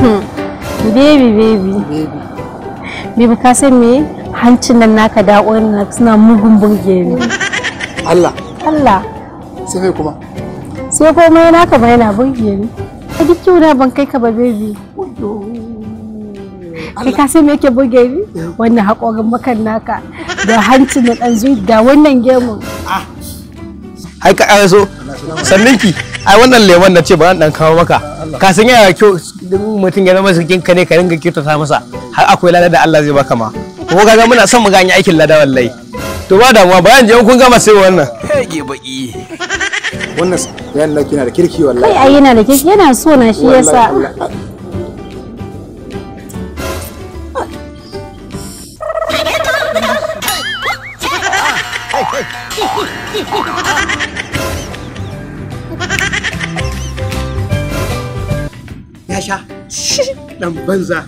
Hmm. baby baby baby ka san me hancin nan naka da na suna mugun burge ni Allah Allah sai kai kuma sai naka ba yana burge ni a duk kyau ban kai ka ba baby kai ka san me yake burge ni eh. wannan haƙorin makan naka da hancin na ɗan zuwa da wannan gemun ah. ai ka ƙara so ai wannan lemon na ce ba dan kawo maka ka san yana kyau mutum ya zama sarkin ka ne ka ringa kyautata masa har akwai lada da Allah zai baka ma ko ga muna son mu ganye aikin lada wallahi to ba damuwa bayan je kun gama sai wannan hege baki wannan yan naki yana da kirki wallahi ai yana da kirki yana so na shi yasa Ha ha ha! sha dan banza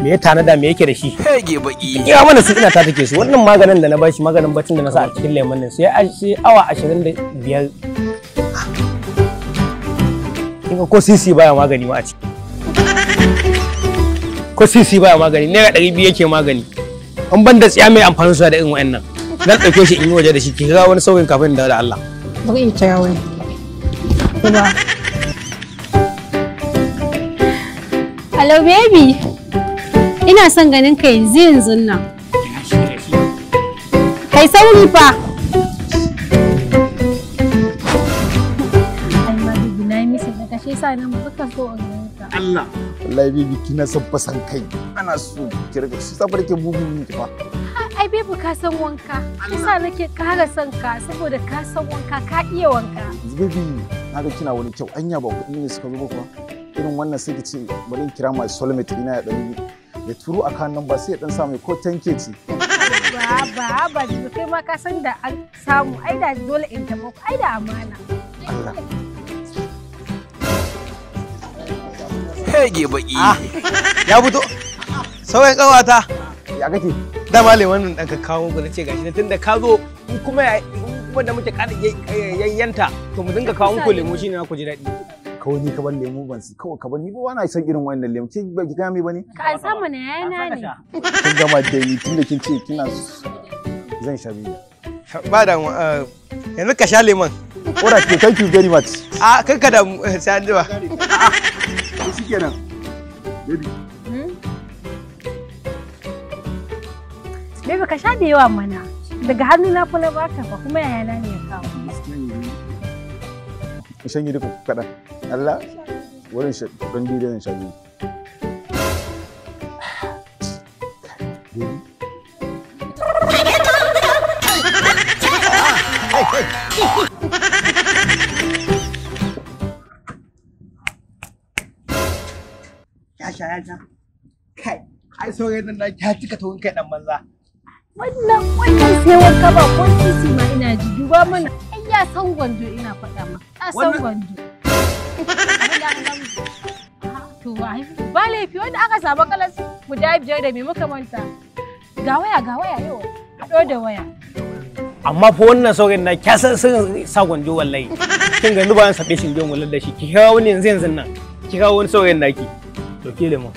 me ya tanada me yake da shi ge baki ya mana su ina ta take su wannan maganin da na bashi maganin batun da na sa a cikin lemon din sai sai awa 25 kinga ko sisi baya magani ma a ciki ko sisi baya magani naira ɗari biyu yake magani an ban da tsiya mai amfanin su da irin wa'annan Zan ɗauke shi in yi waje da shi ki ga wani sauyin kafin da Allah ba iya tsaya wani Hello baby. Ina son ganin ka yanzu yanzu nan. Kai sauri fa. Allah. Wallahi bibi kina son fasan kai. Ana so ki rika shi sabar ke bugu ni fa. Ai bibi ka san wanka. Yasa nake kara son ka saboda ka san wanka ka iya wanka. Bibi na ga kina wani kyau anya ba kuɗi ne suka zo ba irin wannan sai ki ce bari in kira my solomit ina ya dan ya turu a kan ba sai ya dan samu ko tanke ci ba ba ba kai ma ka san da an samu ai da dole in tabo ai da amana Allah Hege baki ah, ya fito sauyan kawata ya kake Da le wannan dan ka kawo ku nace gashi tunda ka zo kuma wanda muke kada yayyanta to mu dinga kawo muku lemo shine na ku ji daɗi kawai ni ka bar lemu ban su kawai ka bar ni ba na san irin wannan lemu ke ba ki ga me bane ka san mu ne yana ne kin gama da ni tunda kin ce kina zan sha biyu ba da eh, yanzu ka sha lemon ora ke thank you very much a ah, ka da eh, sai ba ah, shikenan baby hmm? Bebe ka sha da yawa mana daga hannu na kula baka ba kuma yayana ne ya kawo. Ka shanye duka kaɗan. Allah wurin don biyu da sha biyu kai ai saurayin nan na ya cika tawon kai dan banza wannan wannan sai wanka ba ko sisi ma ina ji duba mana ai ya san gwanjo ina faɗa ma ya san gwanjo To ba laifi wanda aka samu kalas guda biyar da me muka manta. Ga waya ga waya yau haɗo da waya. Amma fa wannan saurin na kyasan sun sa gwanjo wallahi. Kin ga nubayan saɓe shi gyan da shi ki kawo wani yanzu yanzu nan. Ki kawo wani saurin naki. To ke lemon.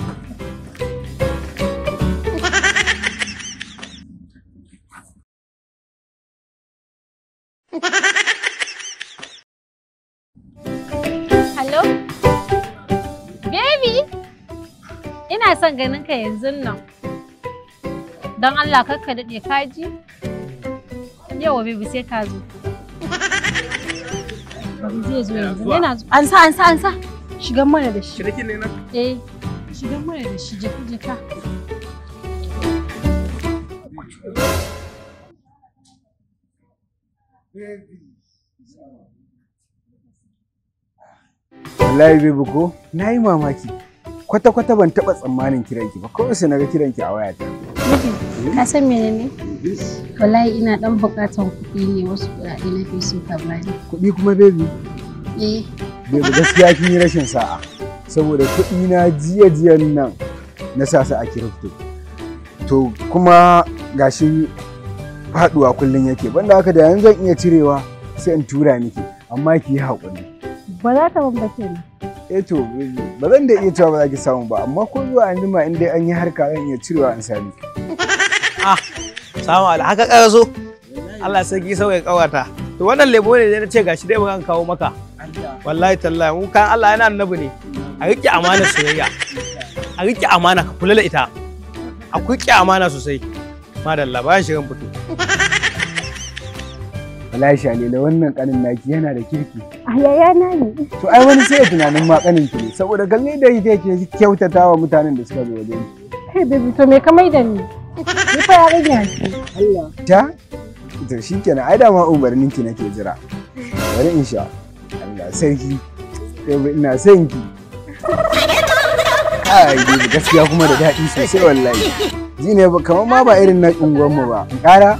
son ganin ka yanzu nan. Don Allah kakka daɗe kaji. Yawa bibi sai ka zo. Zai zo yanzu yana zo. An sa an sa an sa. Shigan mana da shi. Kirkin ne nan? Eh. Shigan mana da shi jika jika. Wallahi bai buko, na yi mamaki. kwata-kwata ban taɓa tsammanin kiranki ba kawai sai naga kiranki a wayata. ka san mene ne wallahi ina dan bukatan kuɗi ne wasu kuɗaɗe na fi so ka bani kuɗi kuma baby eh baby gaskiya kin yi rashin sa'a saboda kuɗi na jiya jiyan nan na sa su a kirifto to kuma gashi faduwa kullun yake banda haka da yanzu zan iya cirewa sai in tura miki amma ki yi haƙuri ba za ta bambace ni eto eh ba zan da iya cewa ba za ki samu ba amma ko zuwa an jima in dai an yi harka zan iya cirewa an sami ah samu ala haka ka zo Allah sai ki sauya kawata to wannan lebo ne na ce gashi dai ba kan kawo maka wallahi tallahi mun kan Allah yana annabi ne a rike amana soyayya a riƙe amana ka kula da ita a rike amana sosai madalla bayan shirin fito Lasha ne da wannan kanin naki yana da kirki. A yaya na ne. To ai wani sai tunanin ma kanin ki ne saboda kalle da yake ke kyautata wa mutanen da suka zo wajen ki. Kai baby to me ka da ni? Ni fa ya rage ni. Allah. Ta? To shikenan ai da ma umarnin ki nake jira. Bari insha Allah sarki. Kai ina son ki. Ai gaskiya kuma da daɗi sosai wallahi. Zine ne kamar ma ba irin na ungwanmu ba. Kara?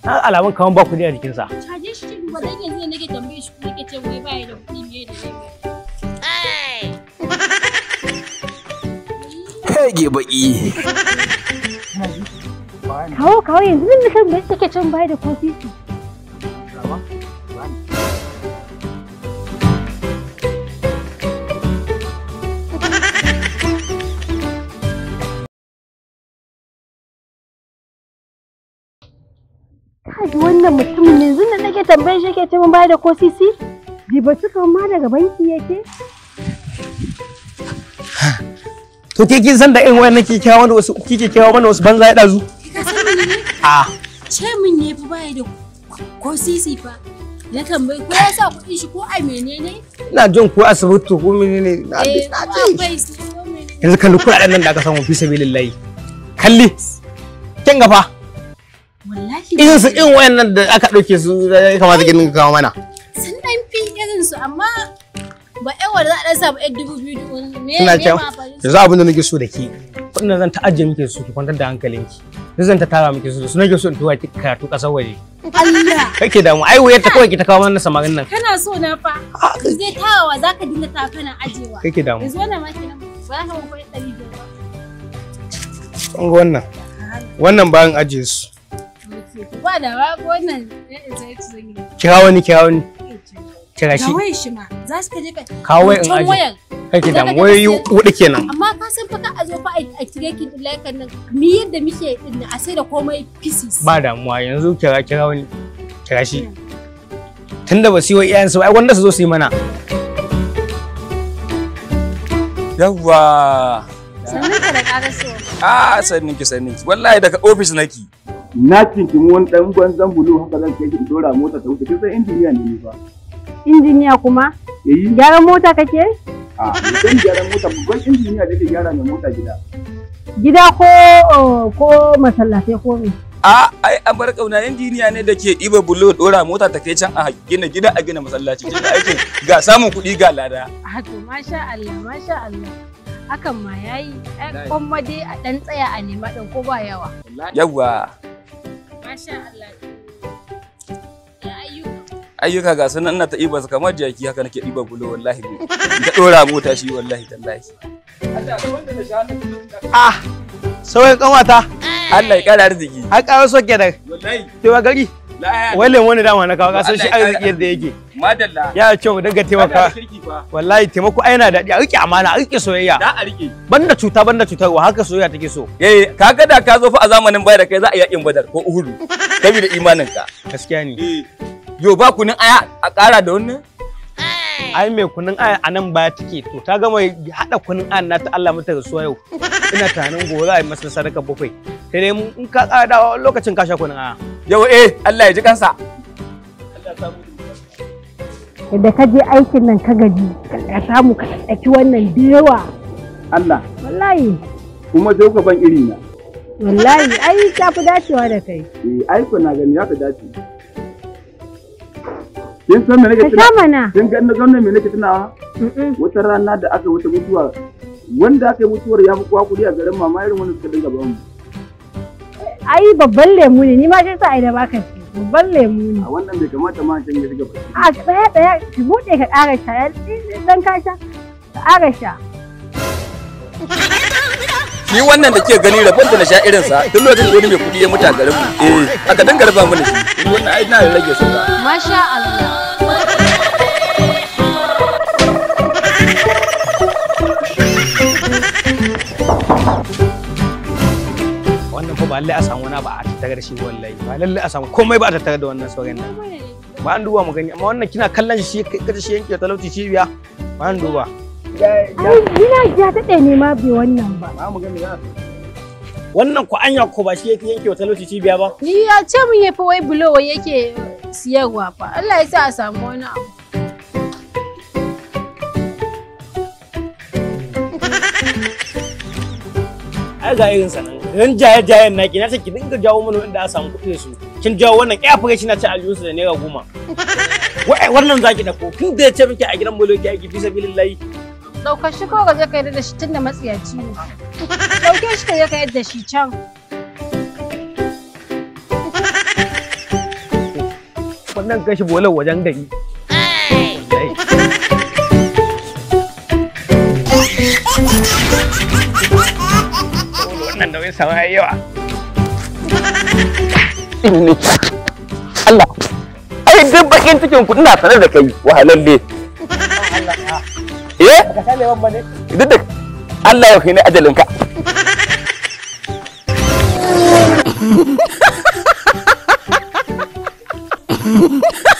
Na alamun kaman ba ku kuɗi a sa. Caje shi cikin dan yanzu nake tambaye shi ko ke ce wai ba ya da kuɗi me da shi. ge baki. Kawo kawo yanzu nan da kan bai take can bai da kofi su. wannan mutumin yanzu da nake tambayar shi yake ce mun da ko sisi jibatukan ma daga banki yake to ke kin san da in wayan nake kyawa da wasu kike kyawa mana wasu banza ya dazu a ah. ce mun ne fa bai da ko sisi fa na tambayi ko ya sa kuɗin shi ko a menene ina jin ko asibiti ko menene na ce eh, yanzu kalli kuɗaɗen nan da aka samu fi sabilillahi kalli kin gafa irin su irin wayannan da aka dauke su ya kamata ginin kawo mana sun dan fi irin su amma ba wanda za a dan samu yan dubu biyu me ne ma fa yanzu abin da nake so da ke kudin zan ta ajiye muke su ki kwantar da hankalinki ni zan ta tara muke su su nake so in tuwa ki karatu kasar waje Allah kake damu ai wayar ta kawai ki ta kawo mana samarin nan kana so na fa ah. zai tawa zaka dinga ta kana ajewa kake damu yanzu wannan ma kenan ba za ka mun kuɗi 500 ba wannan wannan bayan ajiye su Ba da ba Kira wani kira wani. Kira shi. Kawai in aje. Kake da wayoyi hudu kenan. Amma ka san a zo fa a a Ba damuwa yanzu kira wani. Kira hmm. Tunda ba su yi wa iyayensu ba ai wanda su zo su yi mana. Yawwa. ka da ƙarasowa. Ah ki sannin ki wallahi daga ofis naki. na kinkimi wani dan gwanzan bulu haka zan kai in dora mota ta wuce kin injiniya ne ni ba injiniya kuma eh. gyaran mota kake a mutum gyaran mota babban injiniya da ke gyara mai mota gida gida ko ko masallatai ko me a ai an bar kauna injiniya ne da ke ɗiba bulo ɗora mota ta kai can a gina gida a gina masallaci gida aikin ga samun kuɗi ga lada a to masha Allah masha Allah hakan ma yayi ai kuma dai a dan tsaya a nema ɗin ko ba yawa yawa ayyuka ga sunan ina ta iba su kamar jaki haka nake ɗiba bulo wallahi ne ta ɗora mota shi wallahi tallahi ah sauyin kanwata Allah ya kara arziki har ƙara soke da wallahi to gari Wallen wani dama na kawo kasan shi arziki yadda yake. Madalla. Ya kyau daga taimaka. Wallahi taimako ai yana daɗi a rike amana a rike soyayya. Da a rike. Banda cuta banda wa haka soyayya take so. Eh kaga da ka zo fa a zamanin baya da kai za a yi yakin badar ko uhudu. Saboda imanin ka. Gaskiya ne. Eh. Yo ba kunin aya a ƙara da wannan? Eh. ai mai kunin aya a nan baya take to ta gama haɗa kunin aya na ta Allah mata da yau ina tunanin gobe za a yi masa sadaka bakwai sai dai in ka ƙara dawa lokacin ka sha kunin aya ah. yau eh Allah ya ji kansa yadda ka je aikin nan ka gaji ka samu ka ɗaki wannan da yawa Allah wallahi kuma zo ka ban iri na wallahi ai ta fi dacewa da kai eh ai ko na gani ya fi dace kin san me nake tunawa kin ga na zauna me nake tunawa wata rana da aka wuce mutuwa wanda aka yi mutuwar ya fi kwa kuɗi a garin mama irin wanda suka dinga ba mu ai babban lemu ne ni ma sai sa ai da baka shi babban lemu ne a wannan bai kamata ma can ya riga ba a tsaya tsaya ki bude ka ƙara sha dan ka sha ka ƙara sha ni wannan da ke gani rabon da na sha irin sa duk lokacin da wani mai kuɗi ya mutu a garin mu eh aka dan garba mu ne wannan ai na rage su masha Allah ba lallai a samu wani ba a tattare da shi wallahi ba lallai a samu komai ba a tattare da wannan sauran nan ba an duba mu gani amma wannan kina kallon shi kace shi yanke talauci cibiya ba an duba ina ya daɗe ne ma bi wannan ba ba mu gani wannan ku anya ko ba shi yake yanke wa talauci cibiya ba ni ya ce mun yafi wai bulo yake siyarwa fa Allah ya sa a samu wani abu ai ga irin sanan Yan jaye jayen naki na ki dinga jawo mana wanda a samu kuɗin su. Kin jawo wannan ƙya fure shi na ci aljihunsu da naira goma. Eh, wannan zaki ko kin da ya ce miki a gidan moloki aiki fi sabilillahi. Ɗaukar shi kawai zai kai da shi tun da matsiyaci ne. Ɗauke shi ka zai kai da shi can. Wannan kashi bolan wajen gari. Ai! yawan nauyin sama yayi yawa Allah bakin cikin kuɗi na sanar da kai wahalalle eh ka